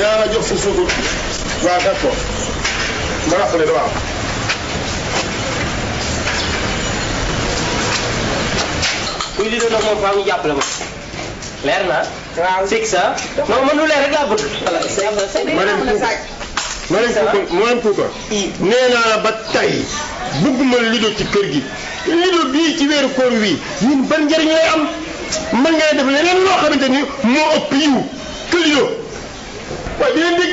yaa jox suuf soosu waaw d' accord ma rappelé waaw. ma. leer na. sa. Ah? non man lu leer rek la ba tey bugguma lido ci kër gi. lido bii ci weeru koor wi ñun ban njëriñ am mën ngay def leneen loo xamante ni moo ëpp yiw que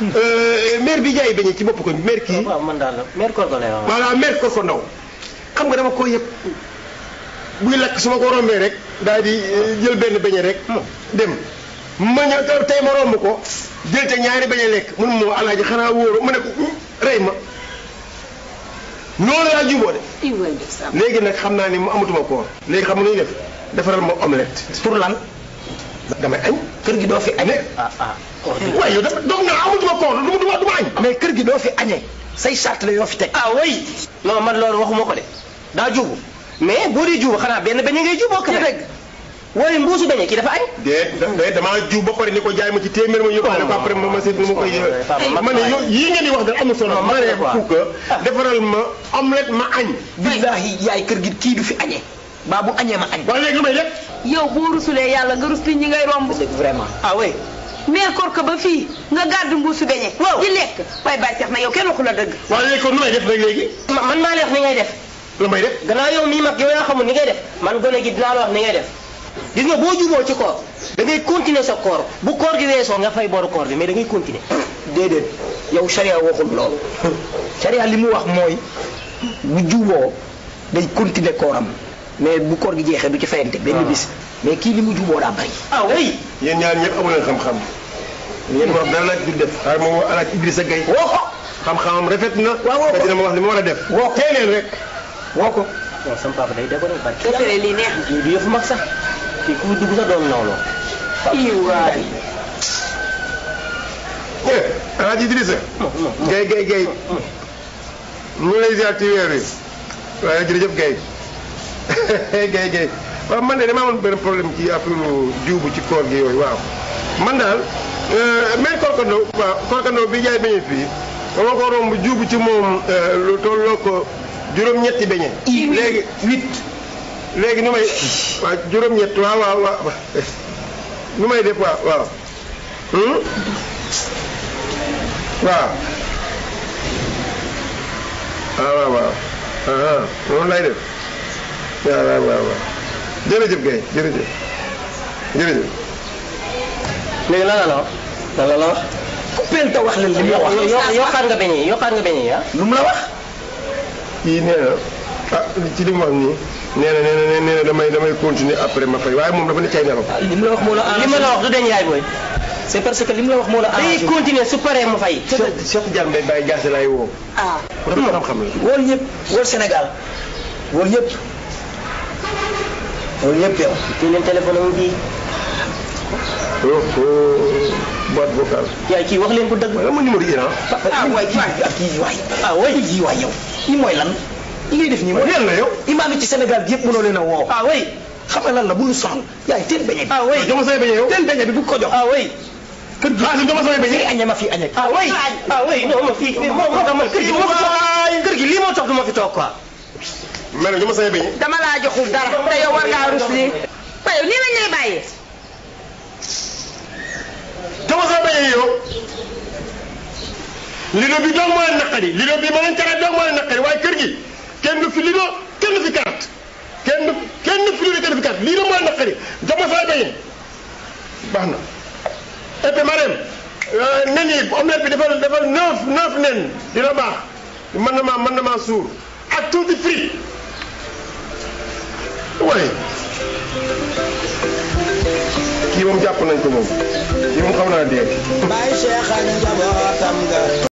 Euh, euh, maire bi jaay beñe ci bopp ko maire waaw man daal la maire Korko lay wax. voilà maire Korko Ndaw xam nga dama koy yëpp buy su ma ko rombee rek daal di euh, jël benn beñe rek hmm. dem ma ñëw ko jël te ñaari beñe lekk mun moo alaaji ko hmm, rey ma loolu laa juboo de. léegi nag xam naa ni mu amatuma koor léegi xam nga nuy def defaral ma omelette. pour lan. damay añ kër gi doo fi añee. ah ah waaye yow dafa donc nag amatuma koor du ma du ma añ. mais kër gi doo fi añee say charte la yoo fi teg. ah oui non man loolu waxuma ko de daa juubu mais boo dee juubu xanaa benn benn ngay juuboo ko rek. wala mbuusu beñe kii dafa añ. de damaa jiw ba pare ni ko jaay ma ci ko oh, après ma ma seet nu ma koy. ma ne yii ngeen ma ne ko defaral ma omelette ma añ. billaahi yaay kër gi kii du fi añee. baa bu añee ma añ. wala léegi lu may def. yow boo rusulee yàlla nga rus li ñi ngay romb. dëgg vraiment ah oui. mais korka ba fii nga gàddu mbuusu beñe. waaw di lekk waaye bàyyi seex na yow kenn waxu la dëgg. waaw léegi kon nu may def rek léegi. man maa lay wax ni ngay def. lu may def gannaaw yow mii mag yow yaa xamul ni ngay def man gone gi dinaa la wax ni ngay def. gis nga boo juboo ci koor dangay ngay sa koor bu koor gi weesoo nga fay boru koor bi mais dangay ngay continuer déedéet yow sharia waxul loolu li mu wax mooy juboo day continuer kooram mais bu koor gi jeexee du ci fayante. benn bis mais kii li mu juboo daa bari. ah oui. yéen ñaar ñëpp amu leen xam-xam. yéen wax dara def. xaaral ko xam-xamam rafet na. waaw woo ko dina ma wax li ma war a def. woo ko tee leen rek. woo ko. waaw sama papa day déggoo rek. mu eh, mm, mm, mm. lay ziar ci weer wi. waaye jërëjëf Gueye. Guèye Guèye waaw man de damaa amoon benn problème ci affaire diw bu ci koor gi yooyu waaw. man daal euh, mais Korkando waaw Korkando bi jaay beñe fii dama ko romb juubu ci moom euh, lu tolloo ko juróom-ñetti beñe. léegi huit léegi nu may juróom-ñett waaw waaw waaw nu may def waaw waaw. Hmm? Ah, waaw. waaw waaw ah, ah. waaw noonu lay def. waaw waaw waaw jërëjëf Guèye jërëjëf jërëjëf. léegi lan la la wax lan la la wax. coupeel te wax leen li mu la wax. yokkaat nga beñee yokkaat nga beñee ah. lu mu la wax. kii nee na ah ci li mu wax nii nee na nee na nee na damay damay continuer après ma fay waaye moom dafa ne cay nelaw. Ah, li mu la wax moo la arrangé li ma la wax du dañ yaay booy. c'est parce que li mu la wax moo la arrangé day continuer su paree mu fay. Cheikh Cheikh Diagne Mbaye Baye Diassé laay woo. ah xam-xam la. wóor ñëpp wóor Sénégal wóor ñëpp. loolu yëpp yow. fii leen téléphone am bii. boîte vocale. yaa ci wax leen ko dëgg. waaye ma numéro yi ah. ah waay ah, kii waay ah waay kii waay yow. lii mooy lan li ngay def nii mooy. yàlla yow. imaam yi ci Sénégal gi yëpp mënoo leen a woo. ah waay xam nga lan la bu ñu soxla. yaay teen beñe bi. ah waay jox ma sama beñe yow. teen beñe bi bu ko jox. ah waay. kër gi xaalis ah, jox ma sama beñe. añe ma fi añe. ah waay ah waay non ma fi. moo tax man kër gi moo fi toog kër gi lii moo tax du ma fi toog quoi. ma ne lu ma say bañ dama laa joxul dara te yow war ngaa rus lii. waaye nii lañ lay bàyyee. dama say bañee yow. lido bi doog moo leen naqari lido bi ma leen caraat doog moo leen naqari waaye kër gi kenn du fi lido kenn du fi carte kenn du kenn du fi lido kenn du fi carte lido moo leen naqari dama say bañee baax na. et puis Marème euh, nen yi omelette bi defal defal neuf neuf nen dina baax mën na maa mën na maa suur ak tuuti frites yi kii moom jàpp nañ ko moom kii moom xam naa dee.